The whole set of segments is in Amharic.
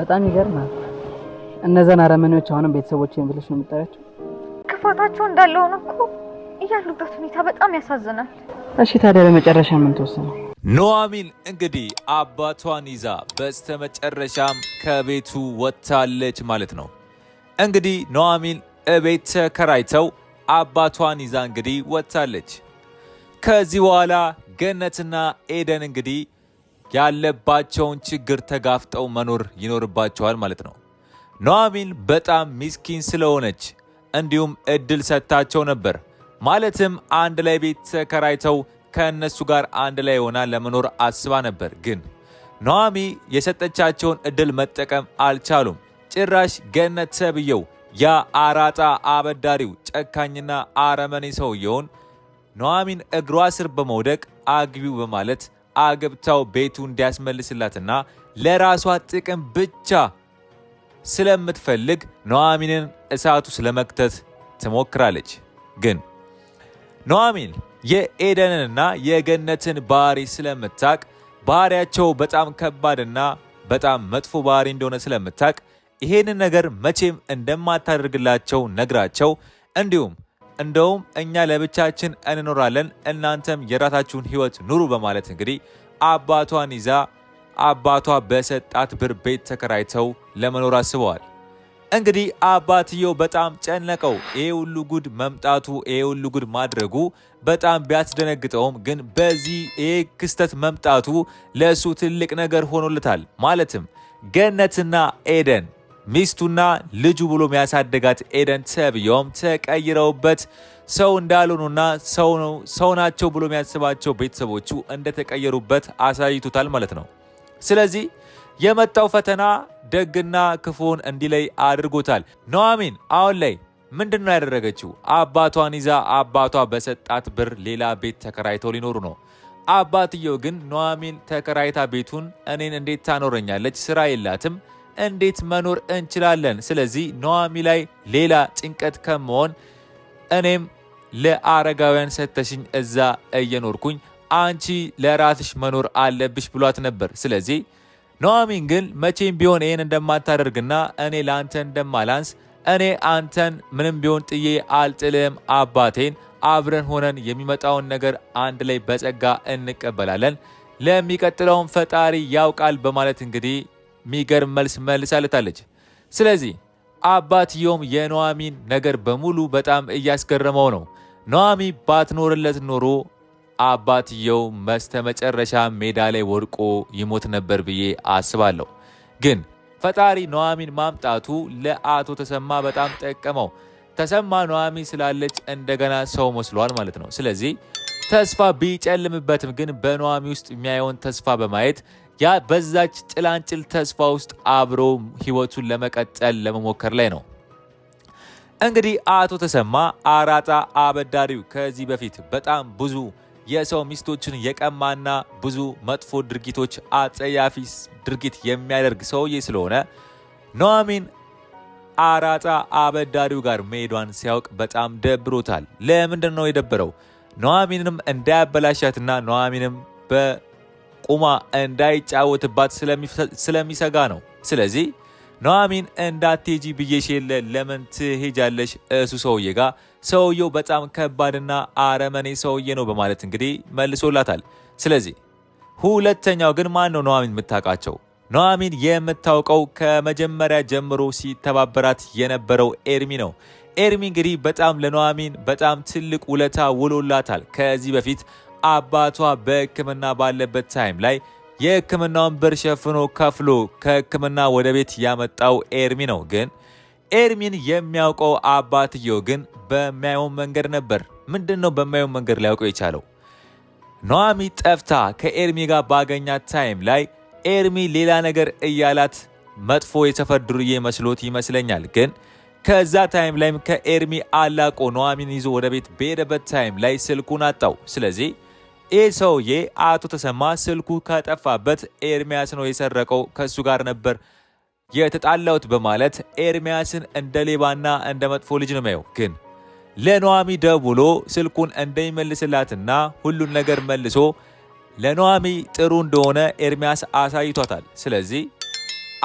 በጣም ይገርማል። እነዛን አረመኔዎች አሁንም ቤተሰቦቼን ብለሽ ነው የምጠራቸው? ክፋታቸው እንዳለ ሆኖ እኮ ያሉበት ሁኔታ በጣም ያሳዝናል። እሺ ታዲያ ለመጨረሻ ምን ተወሰነ? ኑሐሚን እንግዲህ አባቷን ይዛ በስተመጨረሻም ከቤቱ ወጥታለች ማለት ነው። እንግዲህ ኑሐሚን እቤት ተከራይተው አባቷን ይዛ እንግዲህ ወጥታለች። ከዚህ በኋላ ገነትና ኤደን እንግዲህ ያለባቸውን ችግር ተጋፍጠው መኖር ይኖርባቸዋል ማለት ነው። ኑሐሚን በጣም ሚስኪን ስለሆነች እንዲሁም እድል ሰጥታቸው ነበር። ማለትም አንድ ላይ ቤት ተከራይተው ከእነሱ ጋር አንድ ላይ ሆና ለመኖር አስባ ነበር። ግን ኑሐሚ የሰጠቻቸውን እድል መጠቀም አልቻሉም። ጭራሽ ገነት ሰብየው ያ አራጣ አበዳሪው ጨካኝና አረመኔ ሰውየውን ኑሐሚን እግሯ ስር በመውደቅ አግቢው በማለት አግብታው ቤቱ እንዲያስመልስላትና ለራሷ ጥቅም ብቻ ስለምትፈልግ ኑሐሚንን እሳቱ ስለመክተት ትሞክራለች። ግን ኑሐሚን የኤደንንና የገነትን ባህሪ ስለምታቅ ባህሪያቸው በጣም ከባድና በጣም መጥፎ ባህሪ እንደሆነ ስለምታቅ ይሄንን ነገር መቼም እንደማታደርግላቸው ነግራቸው እንዲሁም እንደውም እኛ ለብቻችን እንኖራለን እናንተም የራሳችሁን ህይወት ኑሩ በማለት እንግዲህ አባቷን ይዛ አባቷ በሰጣት ብር ቤት ተከራይተው ለመኖር አስበዋል። እንግዲህ አባትየው በጣም ጨነቀው። ይሄ ሁሉ ጉድ መምጣቱ፣ ይሄ ሁሉ ጉድ ማድረጉ በጣም ቢያስደነግጠውም ግን በዚህ ይሄ ክስተት መምጣቱ ለእሱ ትልቅ ነገር ሆኖለታል። ማለትም ገነትና ኤደን ሚስቱና ልጁ ብሎ የሚያሳደጋት ኤደን ተብዮም ተቀይረውበት ሰው እንዳልሆኑና ሰው ናቸው ብሎ የሚያስባቸው ቤተሰቦቹ እንደተቀየሩበት አሳይቶታል ማለት ነው። ስለዚህ የመጣው ፈተና ደግና ክፉን እንዲለይ አድርጎታል። ኑሐሚን አሁን ላይ ምንድን ነው ያደረገችው? አባቷን ይዛ አባቷ በሰጣት ብር ሌላ ቤት ተከራይተው ሊኖሩ ነው። አባትየው ግን ኑሐሚን ተከራይታ ቤቱን እኔን እንዴት ታኖረኛለች? ስራ የላትም እንዴት መኖር እንችላለን? ስለዚህ ነዋሚ ላይ ሌላ ጭንቀት ከመሆን እኔም ለአረጋውያን ሰተሽኝ እዛ እየኖርኩኝ አንቺ ለራስሽ መኖር አለብሽ ብሏት ነበር። ስለዚህ ነዋሚን ግን መቼም ቢሆን ይህን እንደማታደርግና እኔ ለአንተ እንደማላንስ እኔ አንተን ምንም ቢሆን ጥዬ አልጥልም አባቴን አብረን ሆነን የሚመጣውን ነገር አንድ ላይ በጸጋ እንቀበላለን ለሚቀጥለውን ፈጣሪ ያውቃል በማለት እንግዲህ የሚገርም መልስ መልሳለታለች። ስለዚህ አባትየውም የኑሐሚን ነገር በሙሉ በጣም እያስገረመው ነው። ኑሐሚ ባትኖርለት ኖሮ አባትየው መስተመጨረሻ ሜዳ ላይ ወድቆ ይሞት ነበር ብዬ አስባለሁ። ግን ፈጣሪ ኑሐሚን ማምጣቱ ለአቶ ተሰማ በጣም ጠቀመው። ተሰማ ኑሐሚን ስላለች እንደገና ሰው መስሏል ማለት ነው። ስለዚህ ተስፋ ቢጨልምበትም ግን በኑሐሚን ውስጥ የሚያየውን ተስፋ በማየት ያ በዛች ጭላንጭል ተስፋ ውስጥ አብሮ ህይወቱን ለመቀጠል ለመሞከር ላይ ነው። እንግዲህ አቶ ተሰማ አራጣ አበዳሪው ከዚህ በፊት በጣም ብዙ የሰው ሚስቶችን የቀማና ብዙ መጥፎ ድርጊቶች፣ አጸያፊ ድርጊት የሚያደርግ ሰውዬ ስለሆነ ኑሐሚን አራጣ አበዳሪው ጋር መሄዷን ሲያውቅ በጣም ደብሮታል። ለምንድን ነው የደበረው? ነዋሚንም እንዳያበላሻትና ኑሐሚንም ቁማ እንዳይጫወትባት ስለሚሰጋ ነው። ስለዚህ ኑሐሚን እንዳትሄጂ ብዬሽ የለ ለምን ትሄጃለሽ እሱ ሰውዬ ጋር? ሰውየው በጣም ከባድና አረመኔ ሰውዬ ነው በማለት እንግዲህ መልሶላታል። ስለዚህ ሁለተኛው ግን ማን ነው ኑሐሚን የምታውቃቸው? ኑሐሚን የምታውቀው ከመጀመሪያ ጀምሮ ሲተባበራት የነበረው ኤርሚ ነው። ኤርሚ እንግዲህ በጣም ለኑሐሚን በጣም ትልቅ ውለታ ውሎላታል። ከዚህ በፊት አባቷ በሕክምና ባለበት ታይም ላይ የሕክምናውን ብር ሸፍኖ ከፍሎ ከሕክምና ወደ ቤት ያመጣው ኤርሚ ነው። ግን ኤርሚን የሚያውቀው አባትየው ግን በሚያየውን መንገድ ነበር። ምንድን ነው በሚያየውን መንገድ ሊያውቀው የቻለው? ኖዋሚ ጠፍታ ከኤርሚ ጋር ባገኛት ታይም ላይ ኤርሚ ሌላ ነገር እያላት መጥፎ የተፈድሩ መስሎት ይመስለኛል። ግን ከዛ ታይም ላይም ከኤርሚ አላቆ ኖዋሚን ይዞ ወደ ቤት በሄደበት ታይም ላይ ስልኩን አጣው። ስለዚህ ይህ ሰውዬ አቶ ተሰማ ስልኩ ከጠፋበት ኤርሚያስ ነው የሰረቀው፣ ከእሱ ጋር ነበር የተጣላሁት በማለት ኤርሚያስን እንደ ሌባና እንደ መጥፎ ልጅ ነው የሚያየው። ግን ለነዋሚ ደውሎ ስልኩን እንደሚመልስላትና ሁሉን ነገር መልሶ ለነዋሚ ጥሩ እንደሆነ ኤርሚያስ አሳይቷታል። ስለዚህ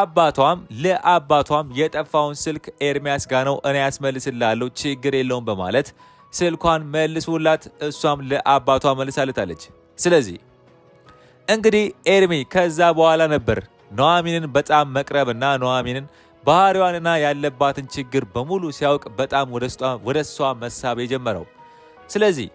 አባቷም ለአባቷም የጠፋውን ስልክ ኤርሚያስ ጋ ነው እኔ ያስመልስላለሁ፣ ችግር የለውም በማለት ስልኳን መልሶላት እሷም ለአባቷ መልሳለታለች። ስለዚህ እንግዲህ ኤርሚ ከዛ በኋላ ነበር ኑሐሚንን በጣም መቅረብና ኑሐሚንን ባህሪዋንና ያለባትን ችግር በሙሉ ሲያውቅ በጣም ወደ እሷ መሳብ የጀመረው። ስለዚህ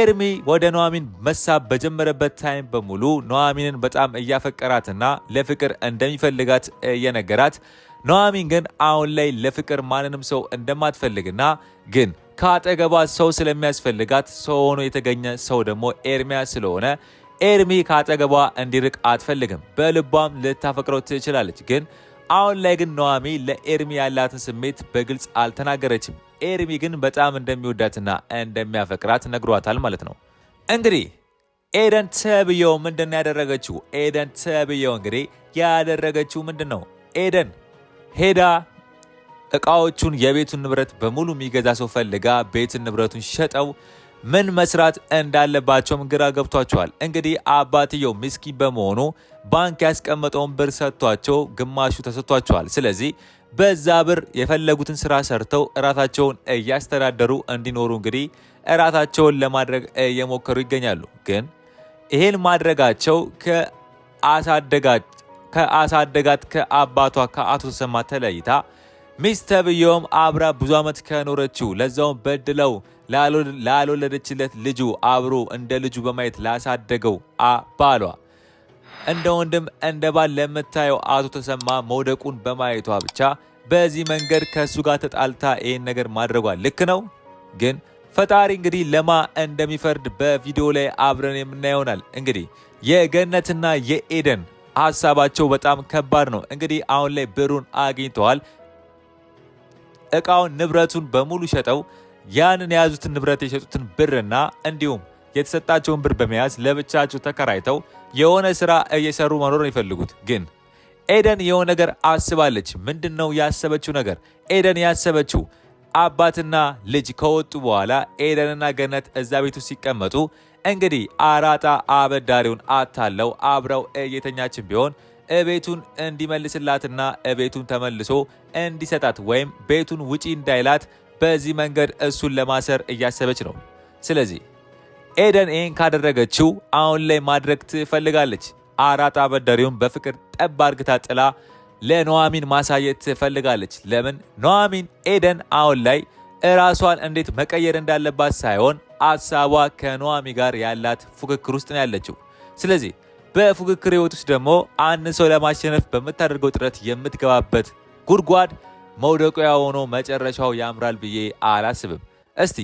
ኤርሚ ወደ ኑሐሚን መሳብ በጀመረበት ታይም በሙሉ ኑሐሚንን በጣም እያፈቀራትና ለፍቅር እንደሚፈልጋት እየነገራት ኑሐሚን ግን አሁን ላይ ለፍቅር ማንንም ሰው እንደማትፈልግና ግን ከአጠገቧ ሰው ስለሚያስፈልጋት ሰው ሆኖ የተገኘ ሰው ደግሞ ኤርሚያ ስለሆነ ኤርሚ ከአጠገቧ እንዲርቅ አትፈልግም። በልቧም ልታፈቅረው ትችላለች። ግን አሁን ላይ ግን ነዋሚ ለኤርሚ ያላትን ስሜት በግልጽ አልተናገረችም። ኤርሚ ግን በጣም እንደሚወዳትና እንደሚያፈቅራት ነግሯታል ማለት ነው። እንግዲህ ኤደን ተብየው ምንድን ያደረገችው? ኤደን ተብየው እንግዲህ ያደረገችው ምንድን ነው? ኤደን ሄዳ እቃዎቹን፣ የቤቱን ንብረት በሙሉ የሚገዛ ሰው ፈልጋ ቤትን ንብረቱን ሸጠው ምን መስራት እንዳለባቸውም ግራ ገብቷቸዋል። እንግዲህ አባትየው ምስኪ በመሆኑ ባንክ ያስቀመጠውን ብር ሰጥቷቸው ግማሹ ተሰጥቷቸዋል። ስለዚህ በዛ ብር የፈለጉትን ስራ ሰርተው እራሳቸውን እያስተዳደሩ እንዲኖሩ እንግዲህ እራሳቸውን ለማድረግ እየሞከሩ ይገኛሉ። ግን ይህን ማድረጋቸው ከአሳደጋት ከአባቷ ከአቶ ተሰማ ተለይታ ሚስት ተብየውም አብራ ብዙ ዓመት ከኖረችው ለዛውም በድለው ላልወለደችለት ልጁ አብሮ እንደ ልጁ በማየት ላሳደገው ባሏ እንደ ወንድም እንደ ባል ለምታየው አቶ ተሰማ መውደቁን በማየቷ ብቻ በዚህ መንገድ ከእሱ ጋር ተጣልታ ይህን ነገር ማድረጓ ልክ ነው። ግን ፈጣሪ እንግዲህ ለማ እንደሚፈርድ በቪዲዮ ላይ አብረን የምናየው ይሆናል። እንግዲህ የገነትና የኤደን ሀሳባቸው በጣም ከባድ ነው። እንግዲህ አሁን ላይ ብሩን አግኝተዋል። እቃውን ንብረቱን በሙሉ ሸጠው ያንን የያዙትን ንብረት የሸጡትን ብርና እንዲሁም የተሰጣቸውን ብር በመያዝ ለብቻቸው ተከራይተው የሆነ ስራ እየሰሩ መኖር ነው ይፈልጉት። ግን ኤደን የሆነ ነገር አስባለች። ምንድን ነው ያሰበችው ነገር? ኤደን ያሰበችው አባትና ልጅ ከወጡ በኋላ ኤደንና ገነት እዛ ቤቱ ሲቀመጡ እንግዲህ አራጣ አበዳሪውን አታለው አብረው እየተኛችን ቢሆን እቤቱን እንዲመልስላትና እቤቱን ተመልሶ እንዲሰጣት ወይም ቤቱን ውጪ እንዳይላት በዚህ መንገድ እሱን ለማሰር እያሰበች ነው። ስለዚህ ኤደን ይህን ካደረገችው አሁን ላይ ማድረግ ትፈልጋለች። አራጣ አበዳሪውን በፍቅር ጠብ አርግታ ጥላ ለኖዋሚን ማሳየት ትፈልጋለች። ለምን ኖዋሚን ኤደን አሁን ላይ እራሷን እንዴት መቀየር እንዳለባት ሳይሆን አሳቧ ከኖዋሚ ጋር ያላት ፉክክር ውስጥ ነው ያለችው። ስለዚህ በፉክክር ህይወት ውስጥ ደግሞ አንድ ሰው ለማሸነፍ በምታደርገው ጥረት የምትገባበት ጉድጓድ መውደቂያ ሆኖ መጨረሻው ያምራል ብዬ አላስብም። እስቲ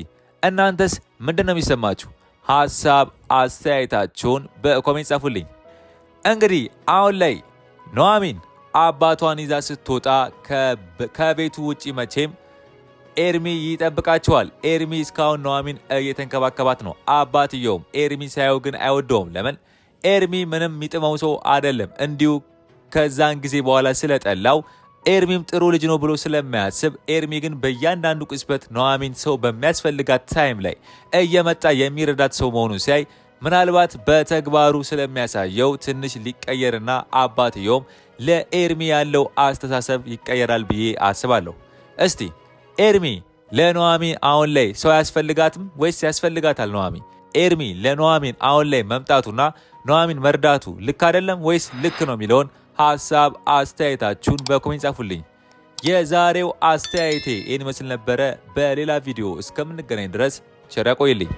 እናንተስ ምንድን ነው የሚሰማችሁ? ሀሳብ አስተያየታችሁን በኮሜንት ጻፉልኝ። እንግዲህ አሁን ላይ ኑሐሚን አባቷን ይዛ ስትወጣ ከቤቱ ውጪ መቼም ኤርሚ ይጠብቃቸዋል። ኤርሚ እስካሁን ኑሐሚን እየተንከባከባት ነው። አባትየውም ኤርሚ ሳየው ግን አይወደውም። ለምን ኤርሚ ምንም የሚጥመው ሰው አይደለም። እንዲሁ ከዛን ጊዜ በኋላ ስለጠላው ኤርሚም ጥሩ ልጅ ነው ብሎ ስለማያስብ ኤርሚ ግን በእያንዳንዱ ቅጽበት ኑሐሚን ሰው በሚያስፈልጋት ታይም ላይ እየመጣ የሚረዳት ሰው መሆኑን ሲያይ ምናልባት በተግባሩ ስለሚያሳየው ትንሽ ሊቀየርና አባትየውም ለኤርሚ ያለው አስተሳሰብ ይቀየራል ብዬ አስባለሁ። እስቲ ኤርሚ ለኑሐሚን አሁን ላይ ሰው አያስፈልጋትም ወይስ ያስፈልጋታል? ኑሐሚን ኤርሚ ለኑሐሚን አሁን ላይ መምጣቱና ኑሐሚን መርዳቱ ልክ አይደለም ወይስ ልክ ነው የሚለውን ሀሳብ አስተያየታችሁን በኮሜንት ጻፉልኝ። የዛሬው አስተያየቴ ይህን ይመስል ነበረ። በሌላ ቪዲዮ እስከምንገናኝ ድረስ ቸር ያቆይልኝ።